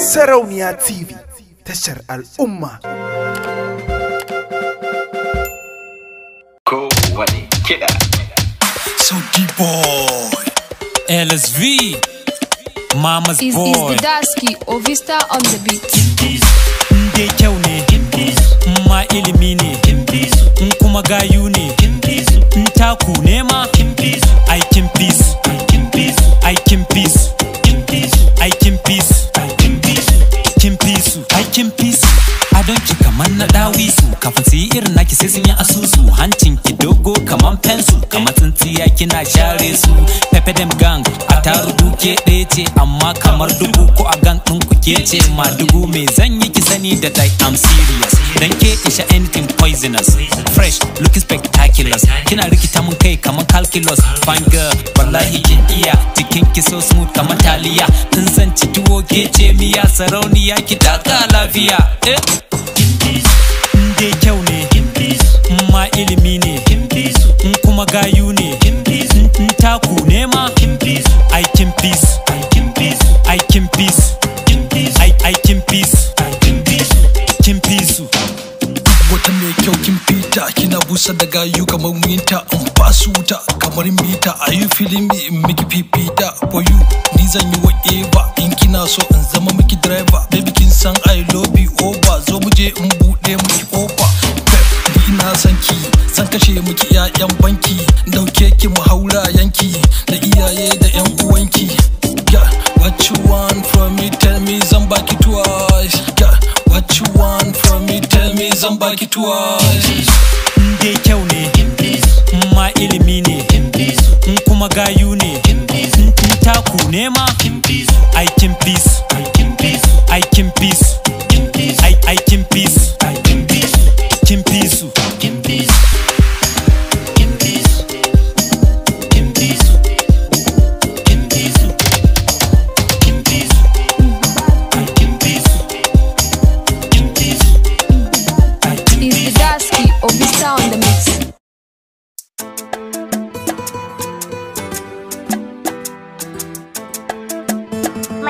Sarauniya TV tashar al'umma. wani kiɗa. Sauki boy. LSV. Mama's is, boy. Is the or Vista on the beat. Kimbisu. Inde kyau ne. Kimbisu. Ma ilimi ne. Kimbisu. In kuma gayu ne. Kimbisu. In taku ne ma. I can peace. in peace. don ki kaman na dawisu kafin su yi irin naki sai sun yi asusu hancin ki dogo kaman fensu kamar tsintsiya kina share su pepe dem gang a taru duke ɗaya ce amma kamar dubu ko a gang ɗin ku ke ce ma dubu me zan yi ki sani da dai am serious dan ke isha anything poisonous fresh looking spectacular kina rikita mun kai kaman calculus fine girl wallahi kin iya cikin ki so smooth kaman taliya tun san ci tuwo ke ce miya sarauniya ki taka lafiya eh ilimi ne in kuma gayu ne in taku nema aikin peace aikin peace aikin peace kin peace wata mai kyau kin fita kina busa da gayu kamar winta in basu wuta kamar mita a yi filin miki fifita for you ni zan yi wa eva in kina so in zama miki driver baby kin san i love you over zo muje in bude miki kofa na san ki san kashe muki 'ya'yan banki dauke ki mu haura yanki da iyaye da 'yan uwanki Ya what you want from me tell me zan baki twice Ya what you want from me tell me zan baki twice inde kyau ne ma ilimi ne kuma gayu ne in taku ne ma i can peace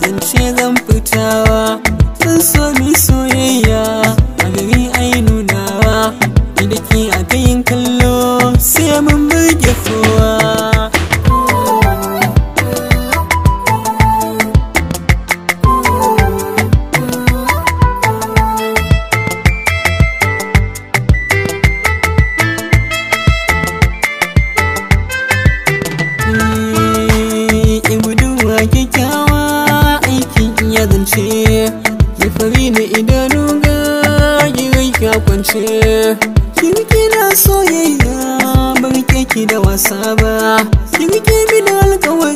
zance zan fitawa kwance mai fari da idanu ga girai ka kwance kirki na soyayya bar keki da wasa ba kirki bi da alkawari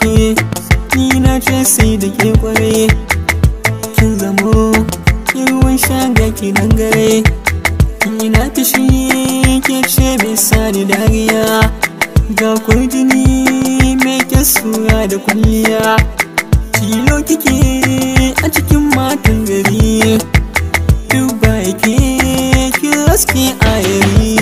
ke ni na ce sai da ke kwarai kin zamo kiruwan ruwan sha ga gare dangare ni na fishi ke ce dariya ga kurjini mai ke sura da kulliya tilo kike a cikin matan gari duk ba ke ki raske a yari